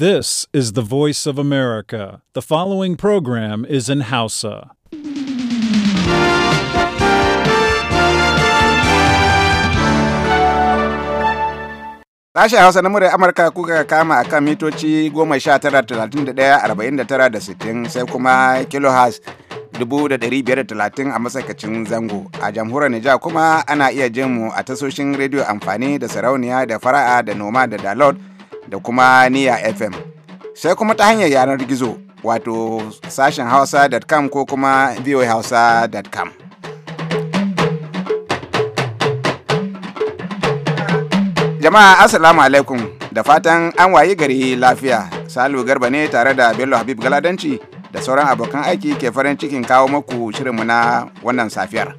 This is the voice of America. The following program is in Hausa. Sashen Hausa na murar Amurka kuka kama a kan mitoci 19,31,49 sai kuma kilohertz 530 a matsakacin zango. A jamhuriyar Nijar kuma ana iya jin mu a tasoshin rediyo amfani da sarauniya da fara'a da noma da download. da kuma niya fm sai kuma ta hanyar yanar gizo wato sashen hausa.com ko kuma voahausa.com jama'a assalamu alaikum da fatan an wayi gari lafiya salu garba ne tare da bello habib galadanci da sauran abokan aiki ke farin cikin kawo muku shirinmu na wannan safiyar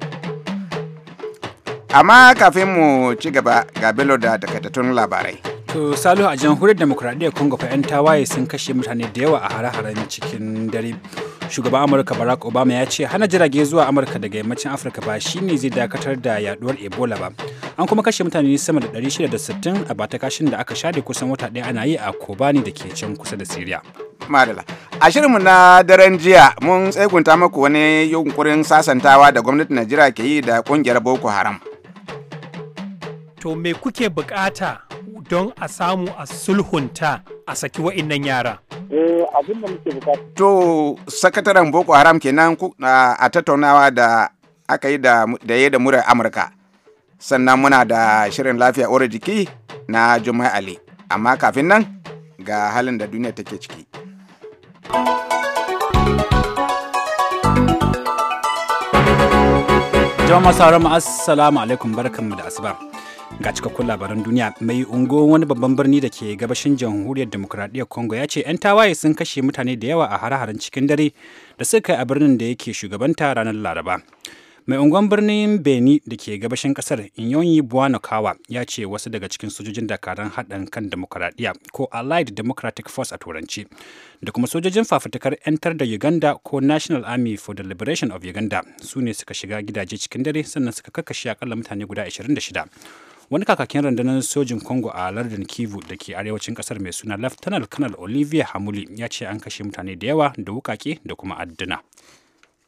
amma kafin mu ci gaba ga bello da takaitattun labarai To Salihu a jamhuriyar demokuraɗiyyar Congo fa 'yan tawaye sun kashe mutane da yawa a hare-haren cikin dare. Shugaban Amurka Barack Obama ya ce hana jirage zuwa Amurka daga yammacin Afirka ba shine zai dakatar da yaduwar Ebola ba. An kuma kashe mutane sama da 660 a batakashin da aka share kusan wata ɗaya ana yi a Kobani da ke can kusa da siriya. Madala. A shirinmu na daren jiya mun tsegunta muku wani yunkurin sasantawa da gwamnatin Najeriya ke yi da kungiyar Boko Haram. To me kuke bukata don a samu a sulhunta a saki wa'innan yara. Eh, to, sakataren Boko Haram kenan a tattaunawa da aka yi da ya da murar Amurka. Sannan muna da shirin lafiya ore jiki na Jummai Ali. Amma kafin nan ga halin da duniya take ciki. Jama'a sauran assalamu alaikum barkanmu da asuba. ga cikakkun labaran duniya mai ungo wani babban birni da ke gabashin jamhuriyar demokuraɗiyyar congo ya ce 'yan tawaye sun kashe mutane da yawa a hare-haren cikin dare da suka kai a birnin da yake shugabanta ranar laraba mai unguwan birnin beni da ke gabashin kasar inyoyi buwano kawa ya ce wasu daga cikin sojojin dakaran haɗin kan demokuraɗiyya ko allied democratic force a turanci da kuma sojojin fafutukar 'yantar da uganda ko national army for the liberation of uganda su ne suka shiga gidaje cikin dare sannan suka kakashi akalla mutane guda 26 wani kakakin rundunar sojin congo a lardin kivu da ke arewacin kasar mai suna laftanar kanal olivia hamuli ya ce an kashe mutane da yawa da wukake da kuma adduna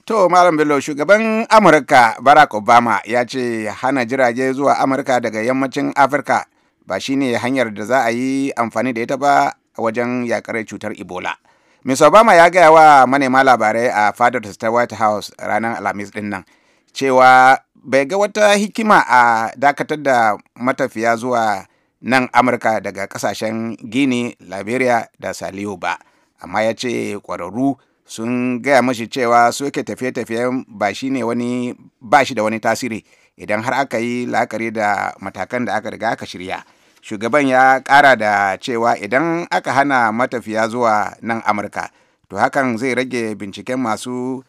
To Malam Bello shugaban Amurka Barack Obama ya ce hana jirage zuwa Amurka daga yammacin Afirka ba shine hanyar da za a yi amfani da ita ba wajen yakar cutar Ebola. mr Obama ya gaya wa manema labarai a fadar ta White House ranar Alhamis din nan cewa bai ga wata hikima a dakatar da matafiya zuwa nan amurka daga kasashen gini liberia da saliyo ba amma ya ce kwararru sun gaya mashi cewa soke tafiye-tafiye ba shi ne wani ba shi da wani tasiri idan har aka yi la'akari da matakan da aka riga aka shirya shugaban ya kara da cewa idan aka hana matafiya zuwa nan amurka to hakan zai rage binciken masu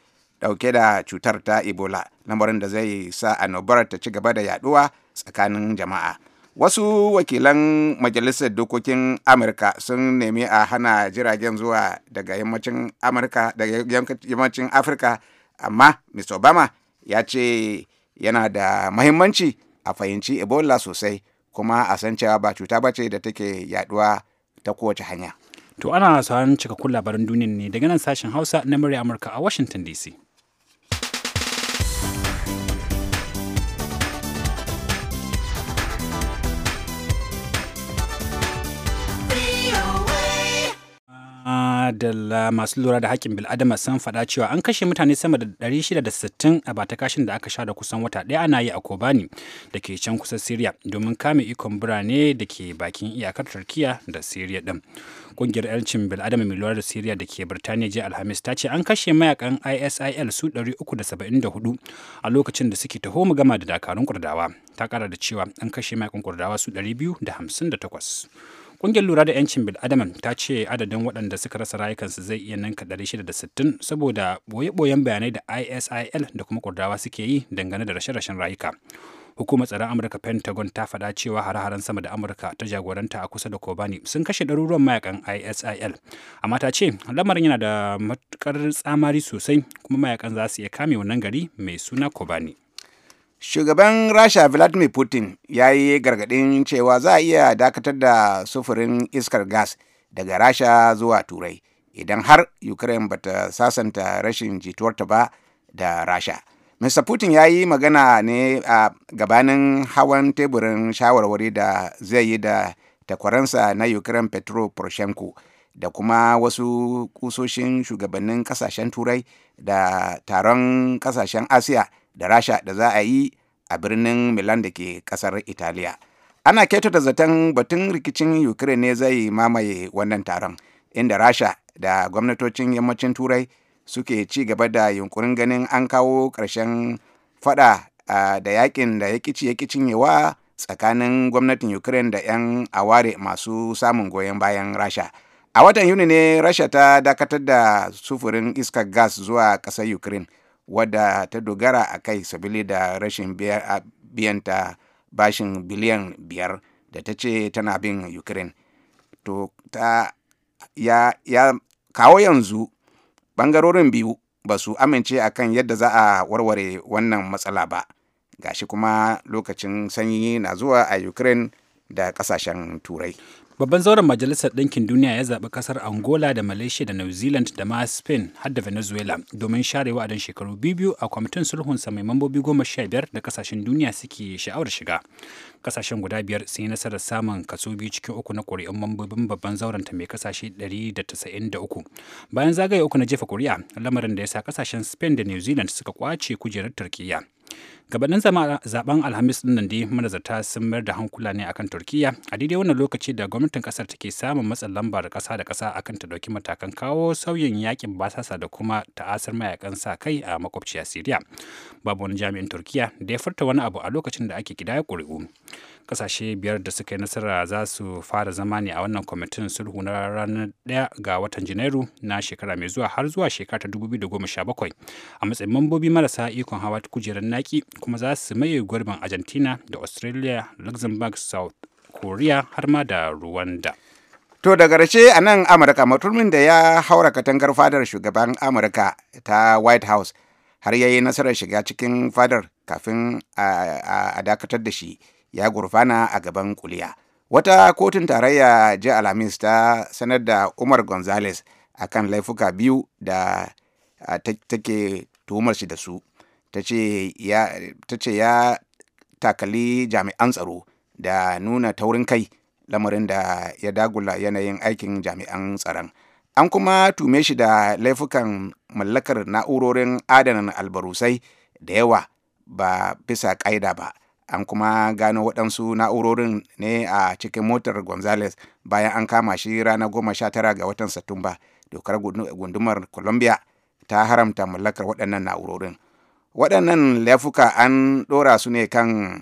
dauke da cutar ta ebola lamarin da zai sa annobar ta ci gaba da yaduwa tsakanin jama'a wasu wakilan majalisar dokokin amurka sun nemi a hana jiragen zuwa daga yammacin amurka daga yammacin afirka amma mr obama ya ce yana da mahimmanci a fahimci ebola sosai kuma a san cewa ba cuta ba ce da take yaduwa ta kowace hanya to ana sauran cikakkun labaran duniya ne daga nan sashen hausa na murya amurka a washington dc madalla masu lura da haƙƙin bil'adama sun faɗa cewa an kashe mutane sama da 660 a batakashin da aka sha da kusan wata ɗaya ana yi a kobani da ke can kusa siriya domin kame ikon birane da ke bakin iyakar turkiya da siriya ɗin ƙungiyar 'yancin bil'adama mai lura da siriya da ke birtaniya jiya alhamis ta ce an kashe mayakan isil su 374 a lokacin da suke taho gama da dakarun kurdawa ta ƙara da cewa an kashe mayakan kurdawa su 258 Ƙungiyar lura da 'yancin bil'adaman ta ce adadin waɗanda suka rasa rayukansu zai iya ninka 660 saboda boye-boyen bayanai da ISIL da kuma kurdawa suke yi dangane da rashe-rashen rayuka. Hukumar tsaron Amurka Pentagon ta faɗa cewa hare-haren sama da Amurka ta jagoranta a kusa da Kobani sun kashe ɗaruruwan mayakan ISIL. Amma ta ce lamarin yana da matuƙar tsamari sosai kuma mayakan za su iya kame wannan gari mai suna Kobani. Shugaban Rasha Vladimir Putin ya yi gargaɗin cewa za a iya dakatar da sufurin iskar gas daga Rasha zuwa Turai idan har Ukraine bata sasanta rashin jituwarta ba da Rasha. Mr. Putin ya yi magana ne a gabanin hawan teburin shawarwari da zai yi da takwaransa na Ukraine Petro Poroshenko da kuma wasu kusoshin shugabannin kasashen Turai da taron kasashen Asiya. da rasha da za a yi a birnin milan da ke kasar italiya ana da zaton batun rikicin ukraine ne zai mamaye wannan taron inda rasha da gwamnatocin yammacin turai suke ci gaba da yunkurin ganin an kawo ƙarshen fada da yakin da ya kici ya cinyewa tsakanin gwamnatin ukraine da 'yan aware masu samun goyon bayan rasha a watan yuni ne rasha ta dakatar da sufurin iskar gas zuwa ƙasar ukraine wadda ta dogara a kai sabili da rashin biyanta bashin biliyan biyar da ta ce tana bin ukraine to ta ya, ya kawo yanzu bangarorin biyu ba su amince a kan yadda za a warware wannan matsala ba gashi kuma lokacin sanyi na zuwa a ukraine da kasashen turai Babban zauren Majalisar Ɗinkin Duniya ya zaɓi ƙasar Angola da Malaysia da New Zealand da ma Spain har da Venezuela domin share don shekaru biyu a kwamitin sa mai mambobi goma sha biyar da ƙasashen duniya suke sha'awar shiga. Ƙasashen guda biyar sun yi nasarar samun kaso biyu cikin uku na ƙuri'un mambobin babban zauren ta mai ƙasashe uku Bayan zagaye uku na jefa ƙuri'a, lamarin da ya sa ƙasashen Spain da New Zealand suka kwace kujerar Turkiyya. gabanin zaben alhamis din nan dai manazarta sun mayar da hankula ne akan turkiya a daidai wannan lokaci da gwamnatin kasar take samun matsin lamba da kasa da kasa akan ta dauki matakan kawo sauyin yakin basasa da kuma ta'asar mayakan sa kai a makwabciya syria babu wani jami'in turkiya da ya furta wani abu a lokacin da ake kidaya ƙuri'u kasashe biyar da suka yi nasara za su fara zama ne a wannan kwamitin sulhu na ranar ɗaya ga watan janairu na shekara mai zuwa har zuwa shekara ta 2017 a matsayin mambobi marasa ikon hawa ta kujerar naki kuma za su maye gurbin argentina da australia luxembourg south korea har ma da rwanda To da ƙarshe a nan Amurka mutumin da ya haura katangar fadar shugaban Amurka ta White House har ya yi nasarar shiga cikin fadar kafin a dakatar da shi ya gurfana a gaban kuliya wata kotun tarayya ji alhamis ta sanar da umar gonzales akan laifuka biyu da take tuhumar shi da su ta ce ya takali jami'an tsaro da nuna taurin kai lamarin da ya dagula yanayin aikin jami'an tsaron an kuma tume shi da laifukan mallakar na'urorin adana albarusai da yawa ba bisa ƙa'ida ba an kuma gano waɗansu na'urorin ne a cikin motar gonzales bayan an kama shi ranar goma sha tara ga watan satumba dokar gundumar colombia ta haramta mallakar waɗannan na'urorin waɗannan laifuka an ɗora su ne kan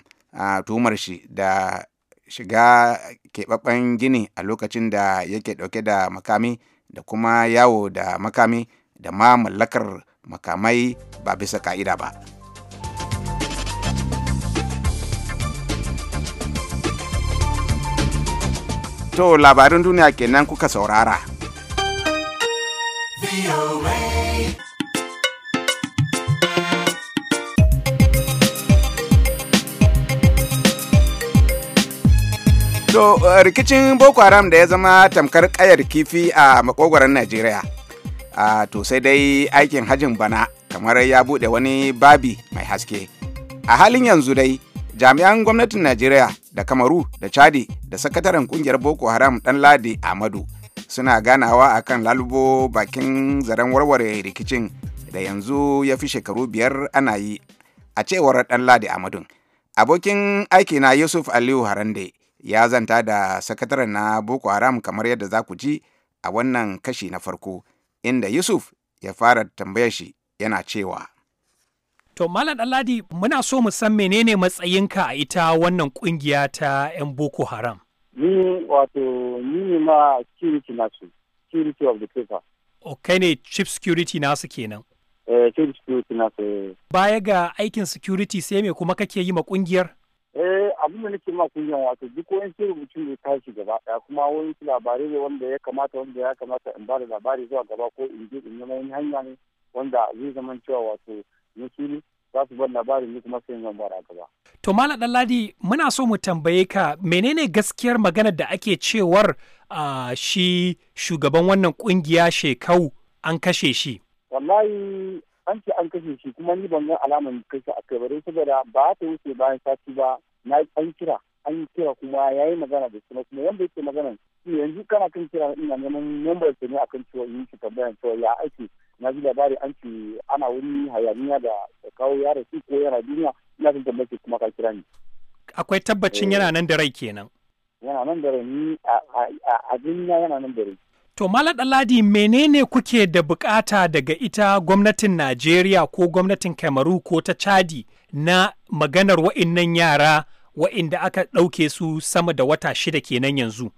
tuhumar shi da shiga keɓaɓɓen gini a lokacin da yake ɗauke da makami da kuma yawo da makami da ma mallakar makamai ba bisa ka'ida ba. to labarin duniya kenan kuka saurara To rikicin Boko Haram da ya zama tamkar kayar kifi a makogwaron Najeriya. A to sai dai aikin hajin bana kamar ya buɗe wani babi mai haske. A halin yanzu dai jami'an gwamnatin Najeriya da kamaru da chadi da sakataren kungiyar boko haram dan ladi amadu suna ganawa akan lalubo bakin zaren warware rikicin da yanzu ya fi shekaru biyar ana yi a cewar dan ladi amadu abokin aiki na yusuf aliyu harande ya zanta da sakataren na boko haram kamar yadda za ku ji a wannan kashi na farko inda yusuf ya fara tambayar shi yana cewa To Malam Ɗanladi muna so mu san menene matsayinka a ita wannan kungiya ta 'yan Boko Haram. Ni wato ni ne ma security nasu, security of the paper. Ok ne chief security nasu kenan. Eh, chief security nasu. Eh. Baya ga aikin security sai me kuma kake yi ma kungiyar? Eh, abin da nake ma kungiyar wato duk wani rubutu ne tashi gaba ɗaya kuma wani labarai ne wanda ya kamata wanda ya kamata in ba da labari zuwa gaba ko in je in yi hanya ne wanda zai zama cewa wato yi shiri za su bar labarin ni kuma sai zan bara gaba. To Malam Ɗanladi muna so mu tambaye ka menene gaskiyar maganar da ake cewar shi shugaban wannan kungiya shekau an kashe shi. Wallahi an ce an kashe shi kuma ni ban ga alaman kashe a kai bare saboda ba ta wuce bayan sati ba na an kira an kira kuma yayi magana da su kuma wanda yake magana yanzu kana kan kira ina neman member ne akan cewa yin shi tambayan cewa ya aiki na ji labari an ce ana wani hayaniya da kawo yara su ko yana duniya ina son tambayar kuma ka kira ni. akwai tabbacin eh. yana nan da rai kenan. yana nan da rai ni a duniya yana nan da rai. To Malam Ɗanladi menene kuke da bukata daga ita gwamnatin Najeriya ko gwamnatin Kamaru ko ta Chadi na maganar wa'innan yara wa'inda aka ɗauke su sama da wata shida kenan yanzu?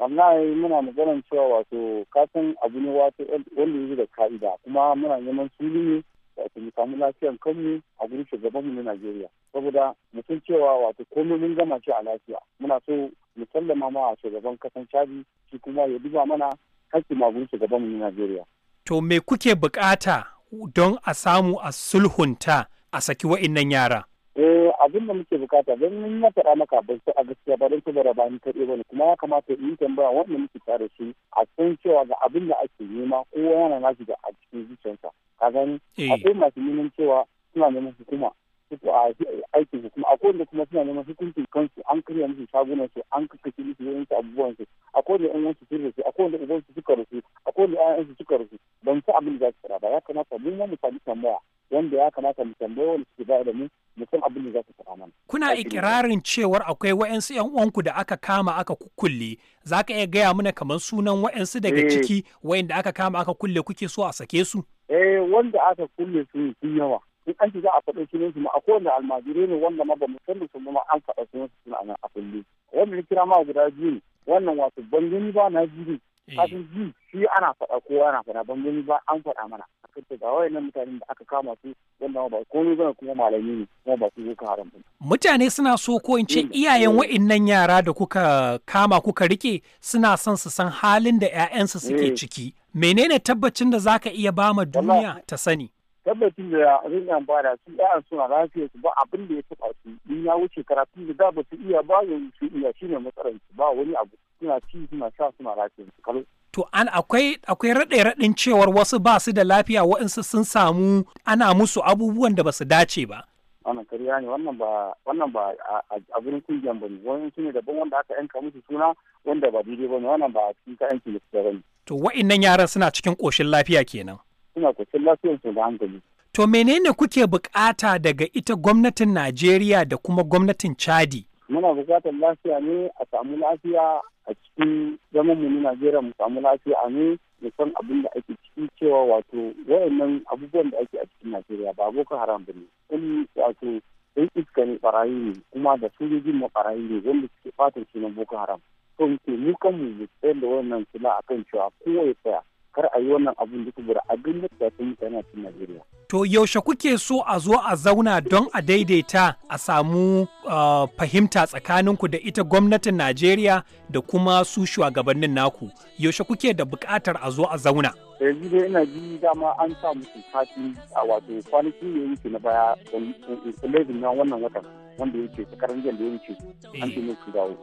amma muna maganar cewa wato kasan abu ne wato wanda yake da ka'ida kuma muna neman ne wato mu samu lafiyan kanmu a gurin shugabanmu na Najeriya saboda mutum cewa wato komai mun gama shi a lafiya muna so mu sallama ma a shugaban kasan Chadi shi kuma ya duba mana hakkin a gurin shugabanmu na Najeriya to me kuke bukata don a samu a sulhunta a saki wa'innan yara eh abin da muke bukata don mun na faɗa maka a gaskiya ba don saboda ba ni karɓe bane kuma ya kamata in tambaya wanda muke tare su a san cewa ga abin da ake nema kowa yana nashi da a cikin zuciyarsa ka gani eh. akwai masu neman cewa suna neman hukuma a aikin su kuma akwai wanda kuma suna neman hukuncin kansu an karya musu shagunan su an kakkace musu yayin su abubuwan su akwai wanda yan wasu sun rasu akwai wanda uban su suka rasu akwai wanda ƴaƴan su suka rasu ban san abin da za su fara ba ya kamata ma mu sami tambaya wanda ya kamata mu tambaya wanda suke bayar da mu mu san abin da za su fara mana kuna ikirarin cewar akwai wa'ansu yan uwanku da aka kama aka kukkulle za ka iya gaya mana kamar sunan wa'ansu daga eh. ciki wa'anda aka kama aka kulle kuke so a sake su eh wanda aka kulle su sun yawa in an shiga a faɗin sunan su ma a kowane almajirai ne wanda ma ba mu san su ma an faɗa sunan su a nan a kulle wanda ya kira ma guda biyu ne wannan wato ban gani ba na ji eh. kafin ji shi ana faɗa ko ana faɗa ban gani ba an faɗa mana akan ce ga wayannan mutanen da aka kama su wanda ba komai bane kuma malami ne kuma ba su ka haram ba mutane suna so ko in ce eh. iyayen wa'annan yara da kuka kama kuka rike suna son su san halin da 'ya'yansu suke eh. ciki menene tabbacin da zaka iya ba ma duniya ta sani tabbatin da abin da su yaran suna lafiya su ba abin da ya taɓa su in ya wuce karatun da ba su iya ba ya su iya shine matsalar su ba wani abu suna ci suna sha suna lafiya su kalu. to an akwai akwai raɗe raɗin cewar wasu ba su da lafiya waɗansu sun samu ana musu abubuwan da ba su dace ba wannan kariya ne wannan ba wannan ba a gurin kungiyan ba ne wani su ne daban wanda aka yanka musu suna wanda ba daidai ba ne wannan ba a cikin ka yanki ne to wa'innan yaran suna cikin ƙoshin lafiya kenan suna lafiyar lafiyarsu da hankali. To menene kuke bukata daga ita gwamnatin Najeriya da kuma gwamnatin Chadi? Muna bukatar lafiya ne a samu lafiya a cikin zaman na Najeriya mu samu lafiya ne mu san abin da ake ciki cewa wato wayannan abubuwan da ake a cikin Najeriya ba boko haram bane. Kun wato sun iska ne barayi ne kuma da sojojin ma barayi ne wanda suke fatan sunan boko haram. To mu kanmu mu tsayar da wannan sila akan cewa kowa ya tsaya kar a yi wannan abun duk a abin da ta yi tana cikin Najeriya. To yaushe kuke so a zo a zauna don a daidaita a samu uh, fahimta tsakaninku da ita gwamnatin Najeriya da kuma su shugabannin naku yaushe kuke da buƙatar a zo a zauna. yanzu dai ina ji dama an sa musu sati a wato kwanaki ne yake na baya don kulezin na wannan watan wanda yake karan jiya da ya wuce an ce eh. musu dawo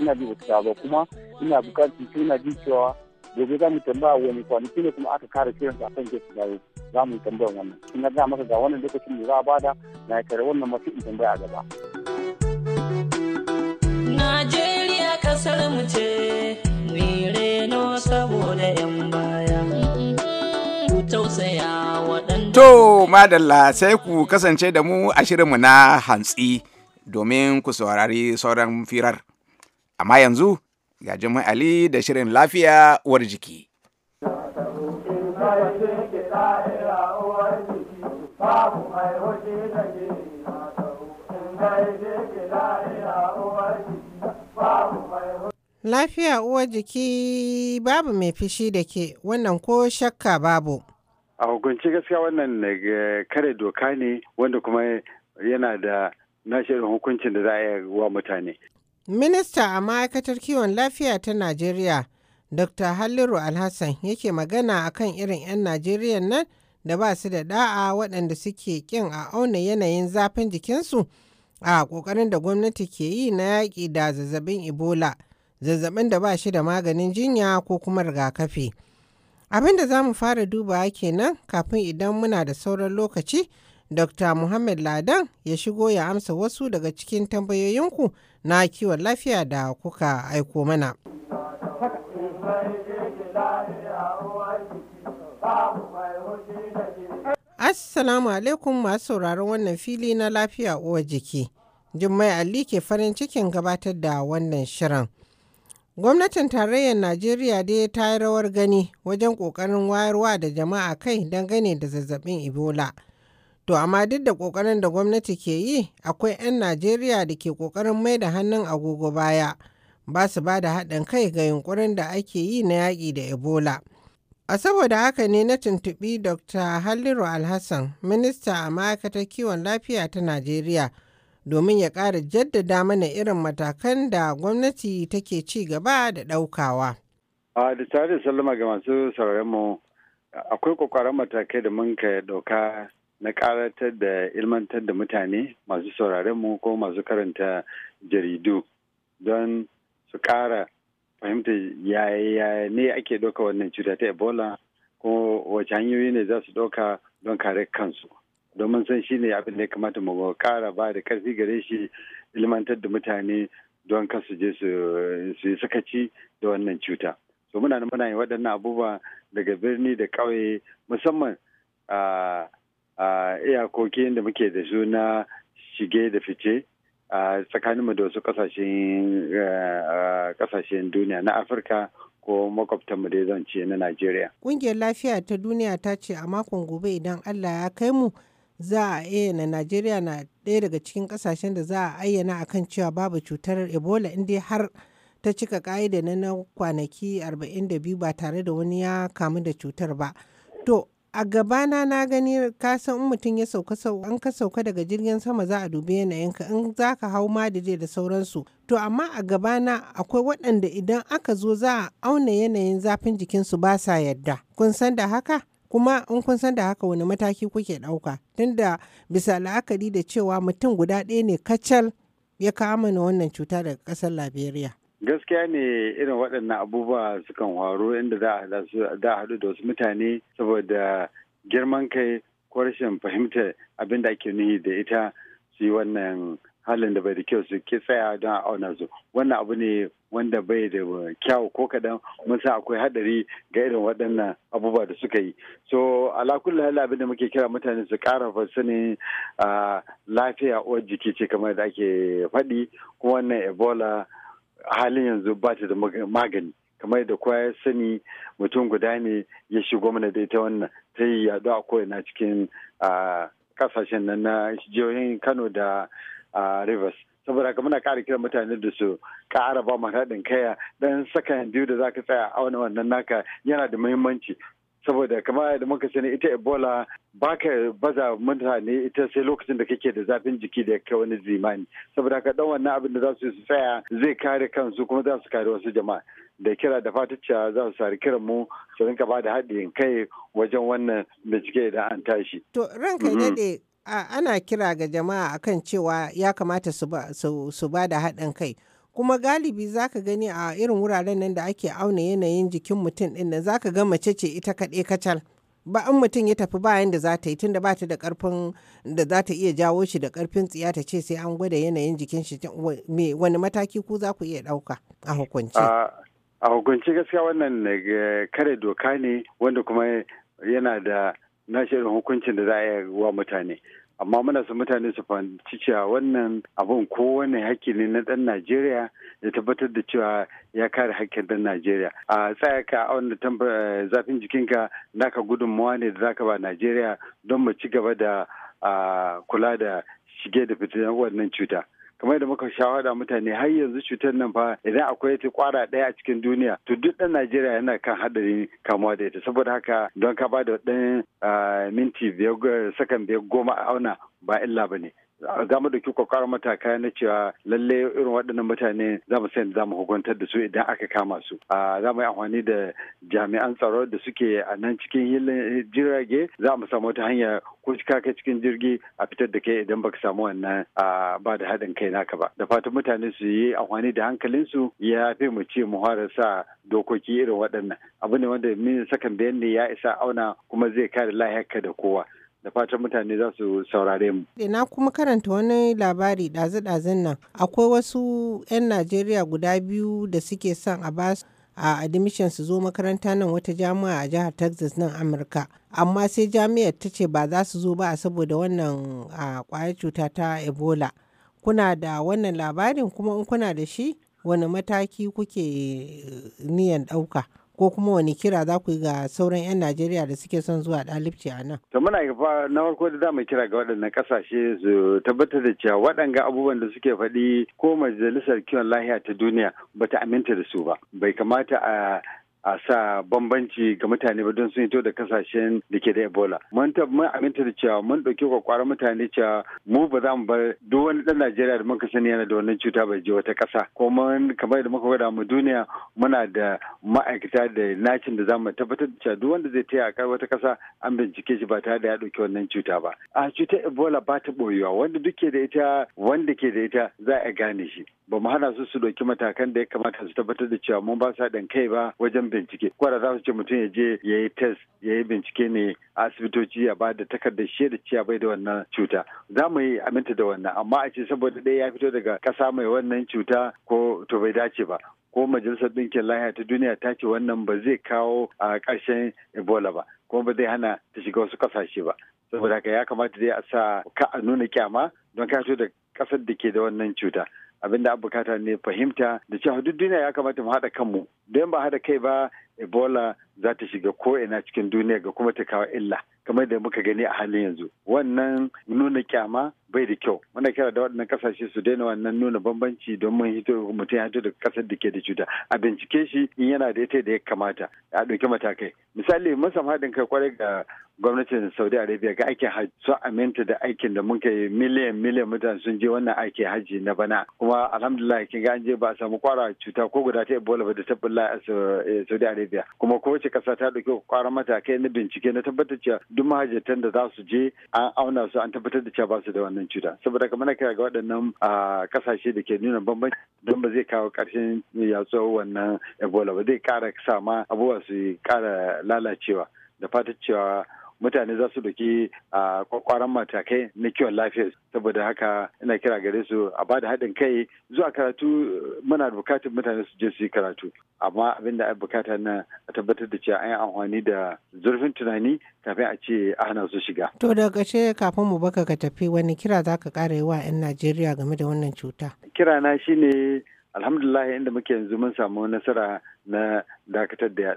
ina ji ba kuma ina buƙatar ina ji cewa gobe za mu tambaya wani kwanaki ne kuma aka kare kiran a kan jesu dawo za mu tambaya wannan in na ga masa ga wannan lokacin da za a bada na ya kare wannan mafi in tambaya a gaba. Najeriya kasar mu ce mu reno saboda 'yan baya. Ku tausaya waɗanda. To madalla sai ku kasance da mu a shirinmu na hantsi domin ku saurari sauran firar. Amma yanzu ga Jummai Ali da shirin lafiya uwar jiki. Lafiya uwar jiki babu mai fishi da ke wannan ko shakka babu. A hukunci gaskiya wannan eh, kare doka ne wanda kuma yana da nashirin hukuncin da za a yi wa mutane. Minista a Ma'aikatar Kiwon Lafiya ta Najeriya, Dr. Halliru Alhassan yake magana a kan irin 'yan Najeriya nan da ba su da 'da'a waɗanda suke ƙin a auna yanayin zafin jikinsu a ƙoƙarin da gwamnati ke yi na yaƙi da zazzabin Ebola, zazzabin da ba shi da maganin jinya ko kuma rigakafi. Abin da za mu fara dubawa kenan kafin idan muna da sauran lokaci. Dr. Muhammad Ladan ya shigo ya amsa wasu daga cikin tambayoyinku na kiwon lafiya da kuka aiko mana. Assalamu alaikum masu sauraron wannan fili na lafiya uwa jiki. Jummai Ali ke farin cikin gabatar da wannan shirin. Gwamnatin tarayyar Najeriya dai ta yi rawar gani wajen ƙoƙarin wayarwa da jama'a kai dangane da zazzabin Ebola. To amma duk da ƙoƙarin da gwamnati ke yi akwai 'yan Najeriya da ke ƙoƙarin mai da hannun agogo baya ba su ba da haɗin kai ga yunkurin da ake yi na yaƙi da Ebola. A saboda haka ne na tuntuɓi Dr. Halliru Alhassan, minista a ma'aikatar kiwon lafiya ta Najeriya, domin ya ƙara jaddada mana irin matakan da gwamnati take ci gaba da ɗaukawa. A da tare da sallama ga masu mu akwai ƙoƙarin matakai da mun ka ɗauka na karatar da ilmantar da mutane masu sauraren mu ko masu karanta jaridu don su kara fahimta yaya ne ake doka wannan cuta ta ebola ko wace hanyoyi ne za su doka don kare kansu domin san shi ne abin da ya kamata mu kara ba da karfi gare shi ilmantar da mutane don kan su je su yi sakaci da wannan cuta so muna da muna yi waɗannan abubuwa daga birni da ƙauye musamman a ah, a iyakoki da muke da su na shige da fice a tsakaninmu da wasu kasashen eh, duniya na afirka ko makwabtanmu da zan ce na nigeria. ƙungiyar lafiya ta duniya ta ce a makon gobe idan allah ya kai mu za a ayyana nigeria na ɗaya daga cikin kasashen da za a ayyana akan cewa babu cutar ebola inda har ta cika ƙa'ida na kwanaki 42 ba tare da wani ya kamu da cutar ba to a gabana na gani ka san in mutum ya sauka an ka sauka daga jirgin sama za a dubi ka in za ka hau madide da sauransu to amma a gabana akwai waɗanda idan aka zo za a auna yanayin zafin jikinsu ba sa yadda kun san da haka kuma in kun san da haka wani mataki kuke ɗauka tunda bisa la'akari da cewa mutum guda ɗaya ne kacal ya kama mana wannan cuta daga ƙasar liberia gaskiya ne irin waɗannan abubuwa sukan faru inda za a haɗu da wasu mutane saboda girman kai ko rashin fahimtar abin da ake nuhi da ita su yi wannan halin da bai da kyau su ke tsaya don a auna su wannan abu ne wanda bai da kyau ko kaɗan mun san akwai hadari ga irin waɗannan abubuwa da suka yi so alakulli hali abin da muke kira mutane su ƙara a ah, lafiya uwar jiki ce kamar da ake faɗi kuma wannan ebola a halin yanzu ba ta da magani kamar da kowa ya sani mutum guda ne ya shi gwamna da ita wannan ta yi yaɗo a ko'ina cikin kasashen nan na jihohin kano da rivers saboda kamar muna kara kiran mutane da su kara ba mu haɗin kaya dan saka biyu da za ka tsaya auna wannan naka yana da muhimmanci saboda kama da muka sani ita ebola ba ka baza mutane ita sai lokacin da kake da zafin jiki da kai wani zimani saboda haka dan wannan abin da za su tsaya zai kare kansu kuma za su kare wasu jama'a da kira da fatacciya za su sari kiran mu su rinka ba da haɗin kai wajen wannan bincike da an tashi. to ranka mm-hmm. daɗe ana kira ga jama'a akan cewa ya kamata su ba da haɗin kai kuma galibi za ka gani a irin wuraren nan da ake auna yanayin jikin mutum ɗin nan za ka ga mace ce ita kaɗai kacal ba 'an mutum ya tafi bayan da za ta yi tun da ba ta da karfin da za ta iya jawo shi da karfin tsiya ta ce sai an gwada yanayin jikin shi me wani mataki ku za ku iya ɗauka a hukunci a hukunci gaskiya wannan kare doka ne wanda kuma yana da nashirin hukuncin da za a yi wa mutane amma muna son mutane su fahimci cewa wannan abun kowane hakki ne na ɗan najeriya ya tabbatar da cewa ya kare haƙƙin ɗan najeriya a tsaya ka auna eh, zafin jikinka naka gudunmawa ne da zaka ba najeriya don mu ci gaba da ah, kula da shige da fitar wannan cuta kamar da muka shawara mutane har yanzu cutar nan fa idan akwai ta kwara ɗaya a cikin duniya to duk ɗan najeriya yana kan haɗarin kamuwa da ita saboda haka don ka ba da ɗan ah, minti biyar sakan biyar goma a auna ba illa ba ne za mu dauki kwakwaran mataka na cewa lalle irin waɗannan mutane za mu sani za mu hukuntar da su idan aka kama su za mu yi amfani da jami'an tsaro da suke a nan cikin hilin jirage za mu samu wata hanya ko ka cikin jirgi a fitar da kai idan baka samu wannan ba da haɗin kai naka ba da fatan mutane su yi amfani da hankalinsu ya fi mu ce mu fara sa dokoki irin waɗannan abu ne wanda min sakan bayan ne ya isa auna kuma zai kare lahiyarka da kowa da fatan mutane za su saurare mu. Eh, na kuma karanta wani labari ɗazu-ɗazun nan akwai wasu 'yan Najeriya guda biyu da suke son a ba su a admission su zo makaranta nan wata jami'a a jihar Texas nan Amurka. Amma sai jami'ar ta ce ba za su zo ba saboda wannan kwayar cuta ta Ebola. Kuna da wannan labarin kuma in kuna da shi wani mataki kuke eh, niyan ɗauka? ko kuma wani kira za ku yi ga sauran 'yan Najeriya da suke son zuwa ɗalibci a nan? To muna fa na farko da za mu kira ga waɗannan ƙasashe su tabbatar da cewa waɗanga abubuwan da suke faɗi ko majalisar kiwon lahiya ta duniya ba ta aminta da su ba. Bai kamata a a sa bambanci ga mutane ba don sun hito da kasashen da ke da ebola mun mun aminta da cewa mun ɗauki kwakwara mutane cewa mu ba za mu bar duk wani ɗan najeriya da muka sani yana da wannan cuta bai je wata ƙasa ko mun kamar da muka gwada mu duniya muna da ma'aikata da nacin da za mu tabbatar da cewa duk wanda zai taya a wata ƙasa an bincike shi ba tare da ya ɗauki wannan cuta ba a cutar ebola ba ta ɓoyewa wanda duk ke da ita wanda ke da ita za a gane shi ba mu hana su su ɗauki matakan da ya kamata su tabbatar da cewa mun ba su haɗin kai ba wajen bincike kwara za su ce mutum ya je ya yi test ya yi bincike ne a asibitoci ya ba da takardar shaida ciya bai da wannan cuta za mu yi aminta da wannan amma a ce saboda ɗaya ya fito daga ƙasa mai wannan cuta ko to bai dace ba ko majalisar ɗinkin lahiya ta duniya ta ce wannan ba zai kawo a ƙarshen ebola ba kuma ba zai hana ta shiga wasu ƙasashe ba saboda haka ya kamata dai a sa ka a nuna kyama don ka fito da ƙasar da ke da wannan cuta abin da bukata ne fahimta da cewa duk duniya ya kamata mu haɗa kanmu don ba haɗa kai ba ebola za ta shiga ina cikin duniya ga kuma ta kawo illa kamar da muka gani a halin yanzu wannan nuna kyama bai da kyau muna kira da waɗannan kasashe su daina wannan nuna bambanci don mun hito mutum ya hito daga ƙasar da ke da cuta a bincike shi in yana da ita da ya kamata a ɗauki matakai misali mun samu haɗin kai kwarai ga gwamnatin saudi arabia ga aikin hajji su aminta da aikin da muka yi miliyan miliyan mutane sun je wannan aikin hajji na bana kuma alhamdulillah kin ga an je ba a samu kwara cuta ko guda ta ebola ba da tabbala a eh, saudi arabia kuma kowace kasa ta dauki kwara matakai na bincike na tabbatar cewa duk mahajjatan da za su je an auna su an tabbatar da cewa ba su da wannan cuta saboda kamar kira ga waɗannan kasashe da ke nuna bambanci don ba zai kawo ƙarshen yatsuwar wannan ebola ba zai ƙara sa ma abubuwa su ƙara lalacewa da fatan cewa mutane za su doki a kwakwaran matakai na kiwon lafiya saboda haka ina kira gare su a ba da haɗin kai zuwa karatu muna bukatar mutane su je su yi karatu amma abin da bukata na a tabbatar da cewa an yi amfani da zurfin tunani kafin a ce ana su shiga. To daga ƙarshe kafin mu baka ka tafi wani kira za ka ƙara wa 'yan Najeriya game da wannan cuta? Kira na shine alhamdulillah inda muke yanzu mun samu nasara na dakatar da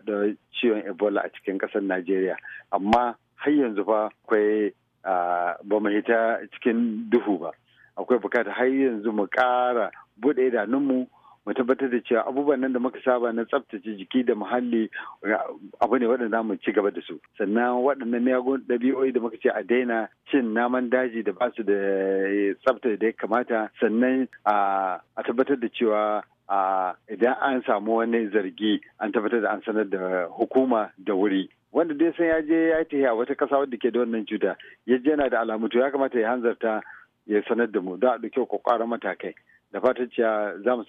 ciwon ebola a cikin ƙasar najeriya amma har yanzu fa akwai ba mu hita cikin duhu ba akwai bukata har yanzu mu kara buɗe idanunmu mu tabbatar da cewa abubuwan nan da muka saba na tsabtace jiki da muhalli abu ne waɗanda mu ci gaba da su sannan waɗannan miyagun ɗabi'o'i da muka ce a daina cin naman daji da ba su da eh, tsabta da ya kamata sannan a tabbatar da cewa idan an samu wani zargi an tabbatar da an sanar da hukuma da wuri wanda dai san ya je ya yi tafiya wata kasa wadda ke da wannan cuta ya je yana da alamu to ya kamata ya hanzarta ya sanar da mu don a ɗauki kwakwaran matakai da fatan cewa za mu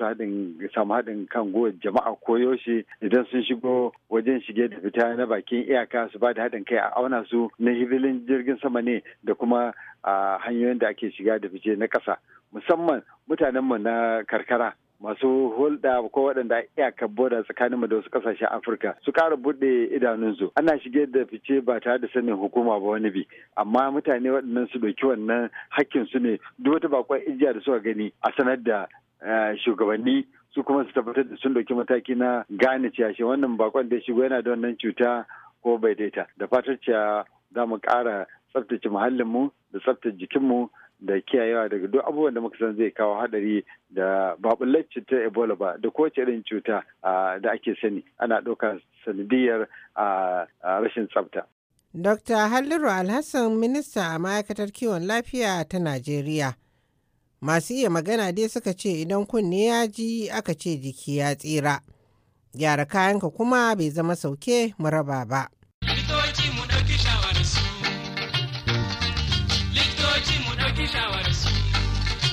samu haɗin kan goyon jama'a ko yaushe idan sun shigo wajen shige da fita na bakin iyaka su ba da haɗin kai a auna su na hibilin jirgin sama ne da kuma a hanyoyin da ake shiga da fice na ƙasa musamman mutanenmu na karkara masu hulɗa ko waɗanda iyaka boda tsakanin mu da wasu kasashen Afirka su ƙara buɗe idanunsu. Ana shige da fice ba tare da sanin hukuma ba wani bi, amma mutane waɗannan su ɗauki wannan hakkin su ne duk wata bakon ijiya da suka gani a sanar da eh, shugabanni su kuma su tabbatar da sun ɗauki mataki na gane cewa shi wannan bakon da shigo yana da wannan cuta ko bai daita da fatar cewa za mu ƙara tsaftace muhallinmu da tsaftace jikinmu da kiyayewa daga duk abubuwan da muka san zai kawo hadari da babullar cutar ebola ba da kowace irin cuta da ake sani ana ɗauka sanadiyar rashin tsafta. Dr. Halliru Alhassan minista a ma'aikatar kiwon lafiya ta Najeriya. Masu iya magana dai suka ce idan kunne ya ji aka ce jiki ya tsira. Gyara kayanka kuma bai zama sauke mu raba ba. ɗauki shawararsu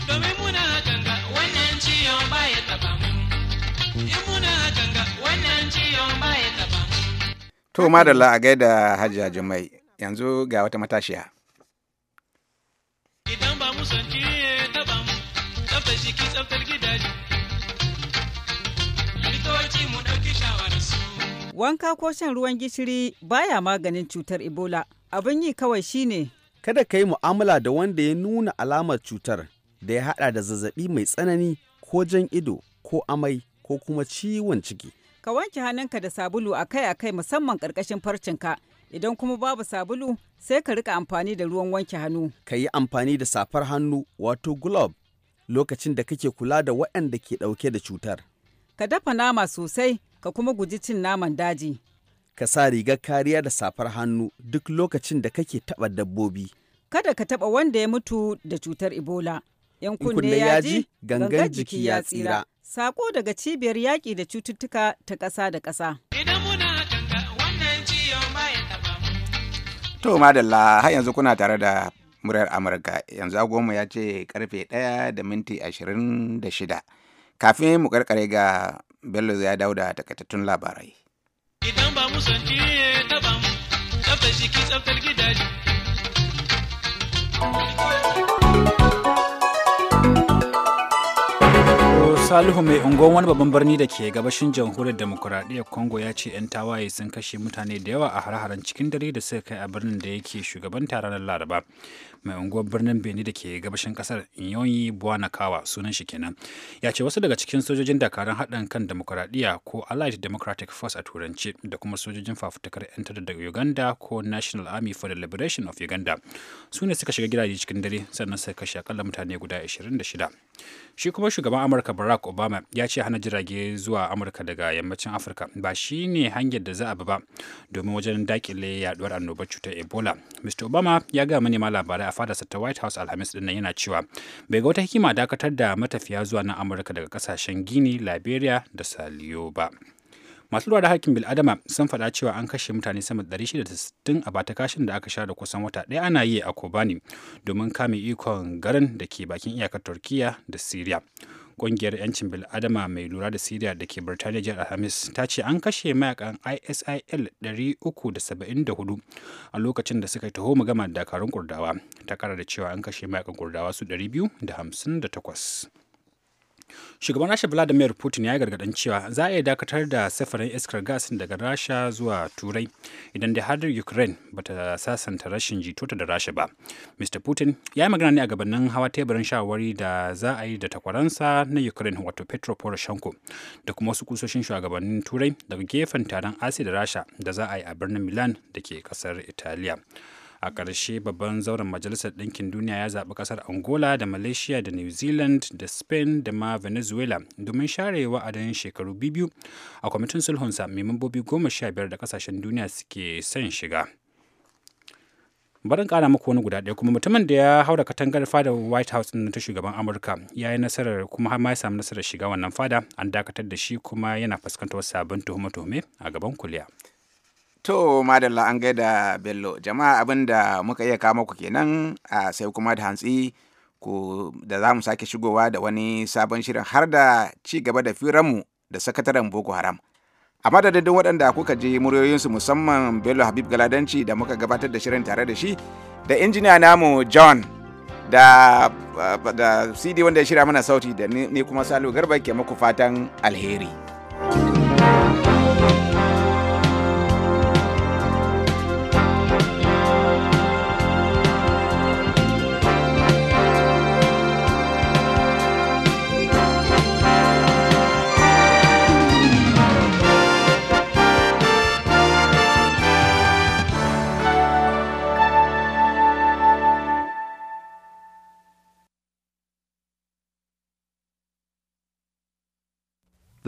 domin muna hakan ga wannan a gaida hajiya jumai yanzu ga wata matashiya wanka ko shan ruwan gishiri baya maganin cutar ebola abin yi kawai shine kada ka yi mu'amala da wanda ya nuna alamar cutar da ya haɗa da zazzaɓi mai tsanani ko jan ido ko amai ko kuma ciwon ciki. Ka wanke hannunka da sabulu a kai musamman ƙarƙashin farcinka. Idan kuma babu sabulu sai ka rika amfani da ruwan wanke hannu. Ka yi amfani da safar hannu wato glove lokacin da kake kula da waɗanda ke ɗauke da cutar. Ka dafa nama sosai ka kuma guji cin naman daji. ka sa rigar kariya da safar hannu duk lokacin da kake taɓa dabbobi. Kada ka taɓa wanda ya mutu da cutar Ebola. ‘Yan kunne ya ji, gangan jiki ya tsira. Sako daga cibiyar yaƙi da cututtuka ta ƙasa da ƙasa. To madalla har yanzu kuna tare da murar Amurka yanzu agomu ya ce karfe ɗaya da minti ashirin da shida. Kafin mu karkare ga Bello ya dawo da takaitattun labarai. Idan ba mu ta ba mu, tsaftar jiki tsaftar gidaje. Salihu mai unguwan wani babban birni da ke gabashin jamhuriyar demokuraɗiyyar Congo ya ce 'yan tawaye sun kashe mutane da yawa a har-haren cikin dare da suka kai a birnin da yake shugaban ranar Laraba. mai unguwar birnin benin da ke gabashin kasar yoyi buwanakawa sunan shi kenan ya ce wasu daga cikin sojojin dakarun haɗin kan demokuraɗiyya ko allied democratic force a turanci da kuma sojojin fafutukar 'yantar da uganda ko national army for the liberation of uganda su ne suka shiga gidaje cikin dare sannan suka kashe akalla mutane guda 26 shi kuma shugaban amurka barack obama ya ce hana jirage zuwa amurka daga yammacin afirka ba shi ne hanyar da za a ba domin wajen dakile yaduwar annobar cutar ebola mr obama ya ga manema labarai a fadarsa ta white house alhamis dinnan yana cewa bai ga wata hikima dakatar da matafiya zuwa na amurka daga kasashen gini liberia da saliyo ba masu lura da hakkin bil'adama sun faɗa cewa an kashe mutane sama da 660 a kashin da aka sha da kusan wata ɗaya ana yi a kobani domin kame ikon garin da ke bakin iyakar turkiya da syria kungiyar 'yancin bil'adama mai lura da siriya da ke birtaniya jihar alhamis ta ce an kashe mayakan isil 374 a lokacin da suka taho magama dakarun kurdawa ta kara da cewa an kashe mayakan kurdawa su 258 shugaban rasha vladimir putin ya gargaɗin cewa za a iya dakatar da safarin iskar gas daga rasha zuwa turai idan da har ukraine ba ta sasanta rashin jitota da rasha ba mr putin ya yi magana ne a gabanin hawa teburin shawari da za a yi da takwaransa na ukraine wato petro poroshenko da kuma wasu kusoshin shugabannin turai daga gefen taron asiya da rasha da za a yi a birnin milan da ke kasar italiya a ƙarshe babban zauren majalisar ɗinkin duniya ya zaɓi ƙasar angola da malaysia da new zealand da spain da ma venezuela domin share wa'adin shekaru biyu a kwamitin sulhunsa mai mambobi goma sha biyar da ƙasashen duniya suke son shiga barin kara muku wani guda ɗaya kuma mutumin da ya haura katangar fadar white house ɗin ta shugaban amurka ya yi nasarar kuma har ma ya samu nasarar shiga wannan fada an dakatar da shi kuma yana fuskantar sabbin tuhume-tuhume a gaban kuliya To madalla an gaida Bello jama'a abin da muka iya kama ku kenan a sai kuma da hantsi ku da za mu sake shigowa da wani sabon shirin har da ci gaba da firanmu da sakataren Boko Haram. A madadin waɗanda kuka ji muryoyinsu musamman Bello Habib Galadanci da muka gabatar da shirin tare da shi da injiniya namu John da, CD wanda ya shirya mana sauti da ni kuma Salo Garba ke muku fatan alheri.